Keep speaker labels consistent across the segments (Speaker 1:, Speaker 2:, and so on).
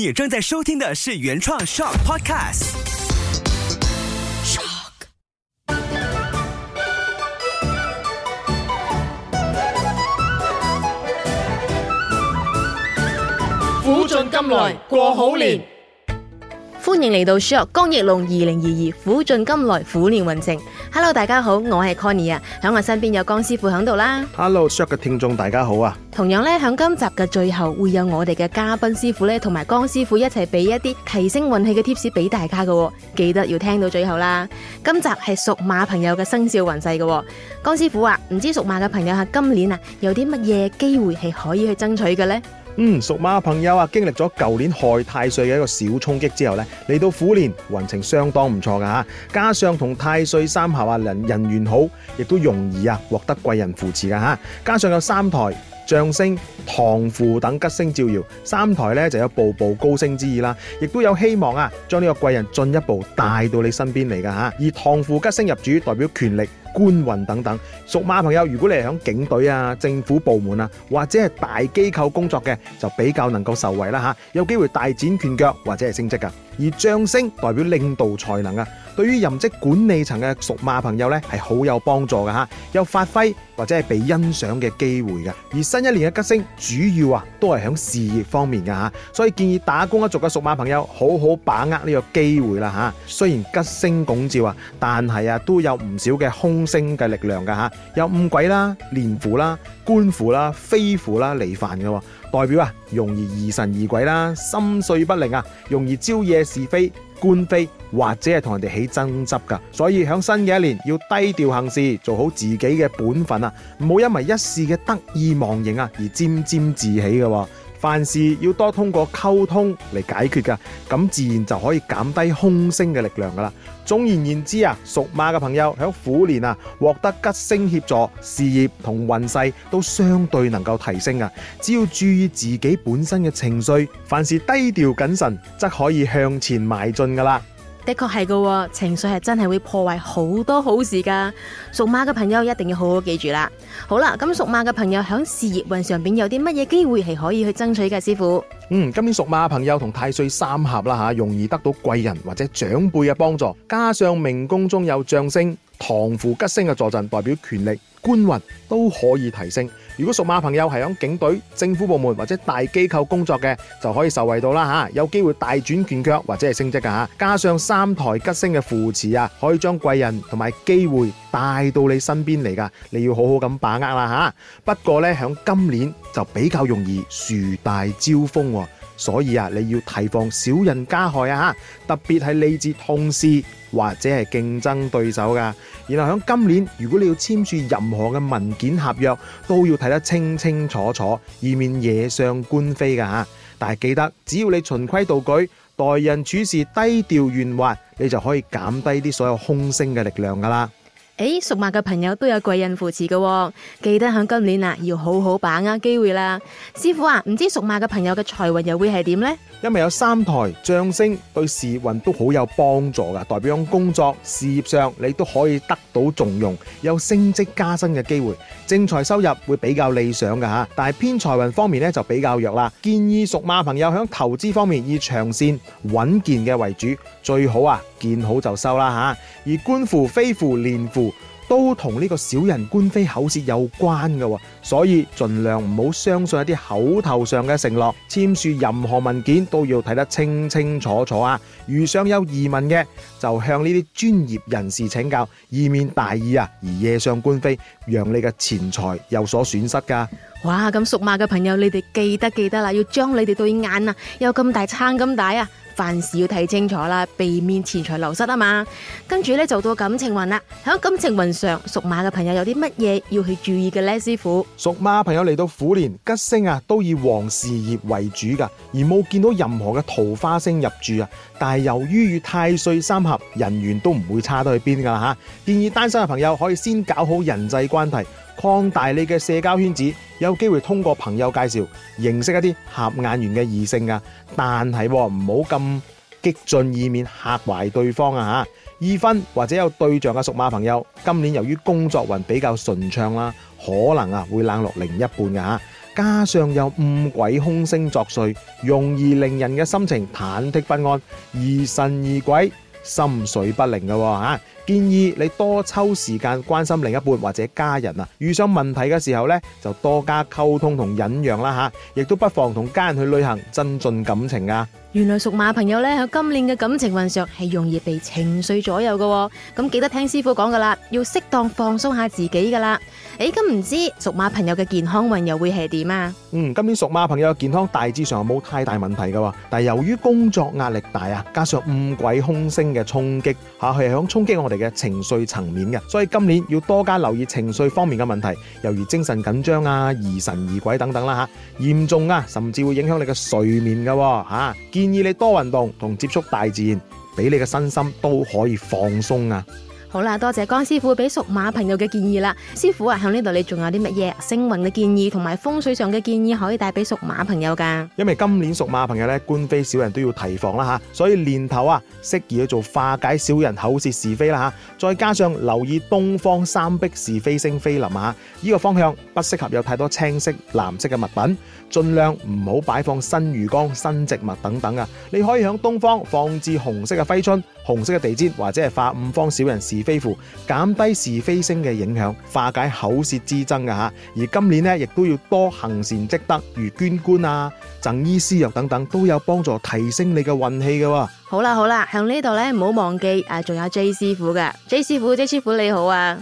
Speaker 1: 你正在收聽的是原創 Shock Podcast。苦
Speaker 2: 盡甘
Speaker 3: 來，過好年。
Speaker 1: 歡迎嚟到《說江奕龍》二零二二，虎進金來，虎年運程。Hello，大家好，我係 Connie 啊，響我身邊有江師傅響度啦。Hello，
Speaker 2: 說嘅聽眾大家好啊。
Speaker 1: 同樣咧，響今集嘅最後會有我哋嘅嘉賓師傅咧，同埋江師傅一齊俾一啲提升運氣嘅 tips 俾大家噶，記得要聽到最後啦。今集係屬馬朋友嘅生肖運勢噶，江師傅啊，唔知屬馬嘅朋友喺今年啊有啲乜嘢機會係可以去爭取嘅呢？
Speaker 2: 嗯，屬馬朋友啊，經歷咗舊年害太歲嘅一個小衝擊之後呢，嚟到虎年運程相當唔錯噶吓，加上同太歲三合啊，人人緣好，亦都容易啊獲得貴人扶持噶吓，啊，加上有三台將星、唐符等吉星照耀，三台呢就有步步高升之意啦，亦都有希望啊將呢個貴人進一步帶到你身邊嚟噶吓，而唐符吉星入主代表權力，官運等等，屬馬朋友，如果你係響警隊啊、政府部門啊或者係大機構工作嘅，就比較能夠受惠啦吓、啊，有機會大展拳腳或者係升職噶。而將星代表領導才能啊，對於任職管理層嘅屬馬朋友呢，係好有幫助噶吓、啊，有發揮或者係被欣賞嘅機會噶。而新一年嘅吉星主要啊都係響事業方面噶吓、啊，所以建議打工一族嘅屬馬朋友好好把握呢個機會啦吓、啊。雖然吉星拱照啊，但係啊都有唔少嘅空凶星嘅力量噶吓，有五鬼啦、年符啦、官符啦、飛符啦、嚟犯嘅，代表啊，容易疑神疑鬼啦，心神不寧啊，容易招惹是非官非，或者係同人哋起爭執噶，所以響新嘅一年要低調行事，做好自己嘅本分啊，唔好因為一時嘅得意忘形啊而沾沾自喜嘅。凡事要多通過溝通嚟解決噶，咁自然就可以減低凶星嘅力量噶啦。總而言之啊，屬馬嘅朋友響虎年啊，獲得吉星協助，事業同運勢都相對能夠提升啊。只要注意自己本身嘅情緒，凡事低調謹慎，則可以向前邁進噶啦。
Speaker 1: 的確係噶情緒係真係會破壞好多好事噶。屬馬嘅朋友一定要好好記住啦。好啦，咁屬馬嘅朋友響事業運上邊有啲乜嘢機會係可以去爭取嘅？師傅，嗯，今年屬馬嘅
Speaker 2: 朋友同太歲三合啦吓，容易得到貴人或者長輩嘅幫助，加上明宮中有將星、唐符吉星嘅坐鎮，代表權力、官運都可以提升。如果屬馬朋友係響警隊、政府部門或者大機構工作嘅，就可以受惠到啦，有機會大展拳腳或者係升職噶。加上三台吉星嘅扶持啊，可以將貴人同埋機會帶到你身邊嚟噶，你要好好咁把握啦，不過咧響今年就比較容易樹大招風。所以啊，你要提防小人加害啊！特別係嚟自同事或者係競爭對手噶。然後響今年，如果你要簽署任何嘅文件合約，都要睇得清清楚楚，以免惹上官非噶吓。但係記得，只要你循規蹈矩，待人處事低調圓滑，你就可以減低啲所有凶星嘅力量噶啦。
Speaker 1: 誒，屬馬嘅朋友都有貴人扶持嘅，哦，記得喺今年啊要好好把握機會啦。師傅啊，唔知屬馬嘅朋友嘅財運又會係點呢？
Speaker 2: 因爲有三台將星，對事業運都好有幫助嘅，代表工作事業上你都可以得到重用，有升職加薪嘅機會，正財收入會比較理想嘅吓。但係偏財運方面呢，就比較弱啦，建議屬馬朋友響投資方面以長線穩健嘅爲主，最好啊見好就收啦吓，啊。而官符、飛符、年符。都同呢個小人官非口舌有關嘅喎，所以儘量唔好相信一啲口頭上嘅承諾，簽署任何文件都要睇得清清楚楚啊！遇上有疑問嘅，就向呢啲專業人士請教，以免大意啊而惹上官非，讓你嘅錢財有所損失噶。
Speaker 1: 哇！咁屬馬嘅朋友，你哋記得記得啦，要將你哋對眼啊，有咁大撐咁大啊！凡事要睇清楚啦，避免錢財流失啊嘛。跟住咧，就到感情運啦。響感情運上，屬馬嘅朋友有啲乜嘢要去注意嘅咧？師傅，
Speaker 2: 屬馬朋友嚟到虎年吉星啊，都以旺事業為主噶，而冇見到任何嘅桃花星入住啊。但係由於與太歲三合，人緣都唔會差得去邊噶啦吓。建議單身嘅朋友可以先搞好人際關係。擴大你嘅社交圈子，有機會通過朋友介紹認識一啲合眼緣嘅異性噶。但係唔好咁激進，以免嚇壞對方啊！吓，二婚或者有對象嘅屬馬朋友，今年由於工作運比較順暢啦，可能啊會冷落另一半噶吓。加上有五鬼兇星作祟，容易令人嘅心情忐忑不安，疑神疑鬼，心水不寧嘅吓。建議你多抽時間關心另一半或者家人啊！遇上問題嘅時候呢，就多加溝通同忍讓啦吓，亦都不妨同家人去旅行增進感情啊！
Speaker 1: 原來屬馬朋友呢，喺今年嘅感情運上係容易被情緒左右噶，咁記得聽師傅講噶啦，要適當放鬆下自己噶啦。誒、欸，咁唔知屬馬朋友嘅健康運又會係點啊？
Speaker 2: 嗯，今年屬馬朋友嘅健康大致上冇太大問題噶，但係由於工作壓力大啊，加上五鬼凶星嘅衝擊吓，係響衝擊我哋。嘅情緒層面嘅，所以今年要多加留意情緒方面嘅問題，猶如精神緊張啊、疑神疑鬼等等啦、啊、吓，嚴重啊，甚至會影響你嘅睡眠嘅吓、啊啊，建議你多運動同接觸大自然，俾你嘅身心都可以放鬆啊。
Speaker 1: 好啦，多謝江師傅俾屬馬朋友嘅建議啦。師傅啊，響呢度你仲有啲乜嘢星運嘅建議同埋風水上嘅建議可以帶俾屬馬朋友噶？
Speaker 2: 因為今年屬馬朋友咧官非小人都要提防啦吓，所以年頭啊適宜去做化解小人口舌是非啦吓。再加上留意東方三壁是非星飛臨嘛，呢個方向不適合有太多青色、藍色嘅物品，盡量唔好擺放新魚缸、新植物等等啊。你可以響東方放置紅色嘅揮春、紅色嘅地氈或者係化五方小人事。是非負，減低是非聲嘅影響，化解口舌之爭嘅吓。而今年呢，亦都要多行善積德，如捐官啊、贈醫施藥等等，都有幫助
Speaker 3: 提升你嘅運氣嘅。
Speaker 1: 好啦，好啦，喺呢度咧唔好忘記啊，仲有 J 師傅嘅 J 師傅，J 師傅你好啊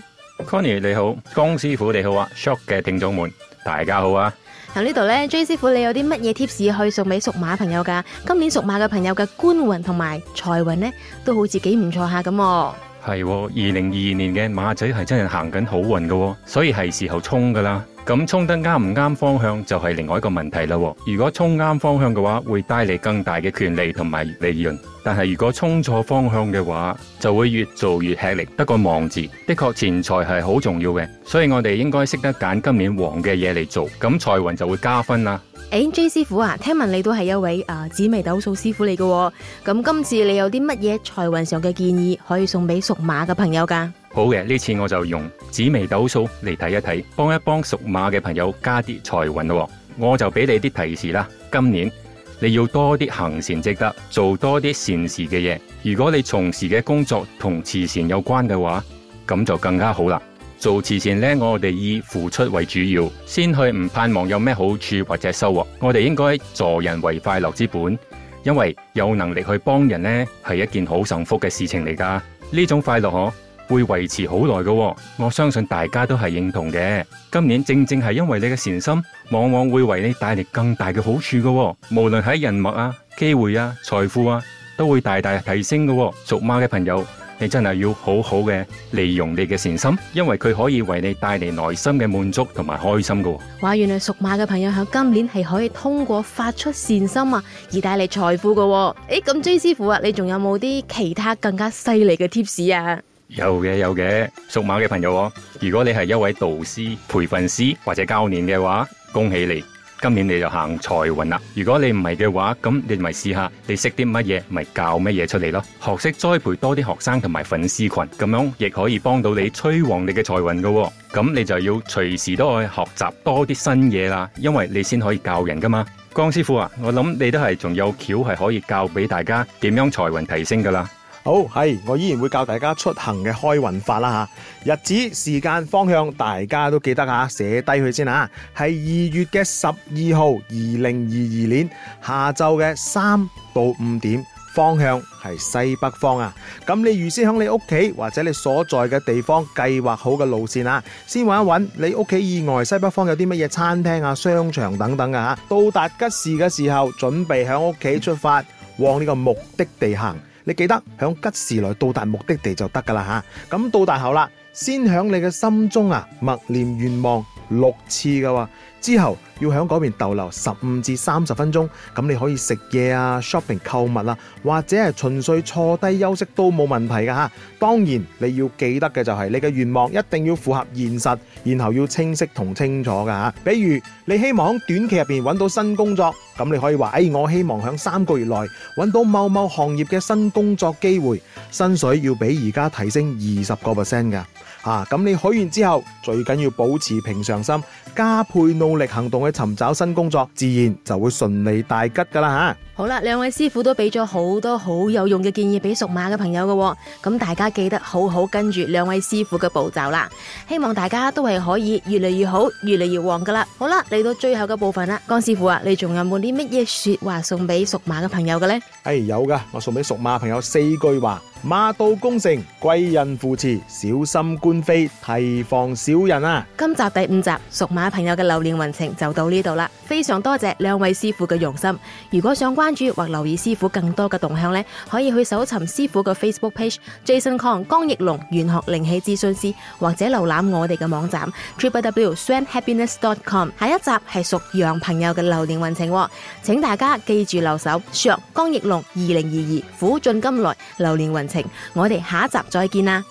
Speaker 3: ，Connie 你好，江師傅你好啊 s h o r k 嘅聽眾們大家好啊。
Speaker 1: 喺呢度咧，J 師傅你有啲乜嘢貼士可以送俾屬馬朋友噶？今年屬馬嘅朋友嘅官運同埋財運呢，都好似幾唔錯下咁。
Speaker 3: 係，二零二二年嘅馬仔係真係行緊好運噶喎，所以係時候衝噶啦。咁衝得啱唔啱方向就係另外一個問題啦喎。如果衝啱方向嘅話，會帶嚟更大嘅權利同埋利潤。但係如果衝錯方向嘅話，就會越做越吃力。得個旺字，的確錢財係好重要嘅，所以我哋應該識得揀今年旺嘅嘢嚟做，咁財運就會加分啦。
Speaker 1: 誒、hey，J 師傅啊，聽聞你都係一位誒、呃、紫微斗數師傅嚟嘅、哦，咁今次你有啲乜嘢財運上嘅建議可以送俾屬馬嘅朋友噶？
Speaker 3: 好嘅，呢次我就用紫微斗數嚟睇一睇，幫一幫屬馬嘅朋友加啲財運咯、哦。我就俾你啲提示啦，今年你要多啲行善積德做多啲善事嘅嘢。如果你從事嘅工作同慈善有關嘅話，咁就更加好啦。做慈善呢，我哋以付出為主要，先去唔盼望有咩好處或者收穫。我哋應該助人為快樂之本，因為有能力去幫人呢，係一件好幸福嘅事情嚟噶。呢種快樂嗬，會維持好耐嘅。我相信大家都係認同嘅。今年正正係因為你嘅善心，往往會為你帶嚟更大嘅好處嘅。無論喺人脈啊、機會啊、財富啊，都會大大提升嘅。屬馬嘅朋友，你真係要好好嘅利用你嘅善心，因為佢可以為你帶嚟內心嘅滿足同埋開心噶。
Speaker 1: 話原嚟屬馬嘅朋友喺今年係可以通過發出善心啊，而帶嚟財富噶。誒，咁 J 師傅啊，你仲有冇啲其他更加犀利嘅 tips 啊？
Speaker 3: 有嘅有嘅，屬馬嘅朋友，如果你係一位導師、培訓師或者教練嘅話，恭喜你。今年你就行財運啦，如果你唔係嘅話，咁你咪試下你識啲乜嘢，咪教乜嘢出嚟咯。學識栽培多啲學生同埋粉絲群，咁樣亦可以幫到你催旺你嘅財運㗎。咁你就要隨時都去學習多啲新嘢啦，因為你先可以教人㗎嘛。江師傅啊，我諗你都係仲有橋係可以教俾大家點樣財運提升㗎啦。好係，我依然會教大家出行嘅
Speaker 2: 開運法啦吓，日子、時間、方向，大家都記得啊，寫低佢先啊。係二月嘅十二號，二零二二年下晝嘅三到五點，方向係西北方啊。咁你預先響你屋企或者你所在嘅地方計劃好嘅路綫啊，先揾一揾你屋企以外西北方有啲乜嘢餐廳啊、商場等等嘅啊，到達吉時嘅時候，準備響屋企出發往呢個目的地行，你記得響吉時來到達目的地就得㗎喇。吓，咁到達後喇，先響你嘅心中啊，默念願望。六次嘅話，之後要喺嗰邊逗留十五至三十分鐘，咁你可以食嘢啊、shopping 購物啊，或者係純粹坐低休息都冇問題噶吓。當然你要記得嘅就係、是、你嘅願望一定要符合現實，然後要清晰同清楚噶吓。比如你希望喺短期入邊揾到新工作，咁你可以話、哎，我希望喺三個月內揾到某某行業嘅新工作機會，薪水要比而家提升二十個 percent 噶。啊！咁你許完之後，最緊要保持平常心，加倍努力行動去尋找新工作，自然就會順利大吉噶啦吓！
Speaker 1: 好啦，兩位師傅都俾咗好多好有用嘅建議俾屬馬嘅朋友嘅、哦，咁大家記得好好跟住兩位師傅嘅步驟啦。希望大家都係可以越嚟越好，越嚟越旺噶啦！好啦，嚟到最後嘅部分啦，江師傅啊，你仲有冇啲乜嘢說話送俾屬馬嘅朋友嘅呢？誒、
Speaker 2: 哎，有噶，我送俾屬馬朋友四句話。馬到功成，貴人扶持，小心官非，提防小人啊！
Speaker 1: 今集第五集屬馬朋友嘅流年運程就到呢度啦，非常多謝兩位師傅嘅用心。如果想關注或留意師傅更多嘅動向呢，可以去搜尋師傅嘅 Facebook page Jason Kong 江奕龍玄學靈氣諮詢師，或者瀏覽我哋嘅網站 www.happiness.com。下一集係屬羊朋友嘅流年運程喎，請大家記住留守 s 江奕龍，二零二二苦盡甘來流年運程。我哋下一集再見啦。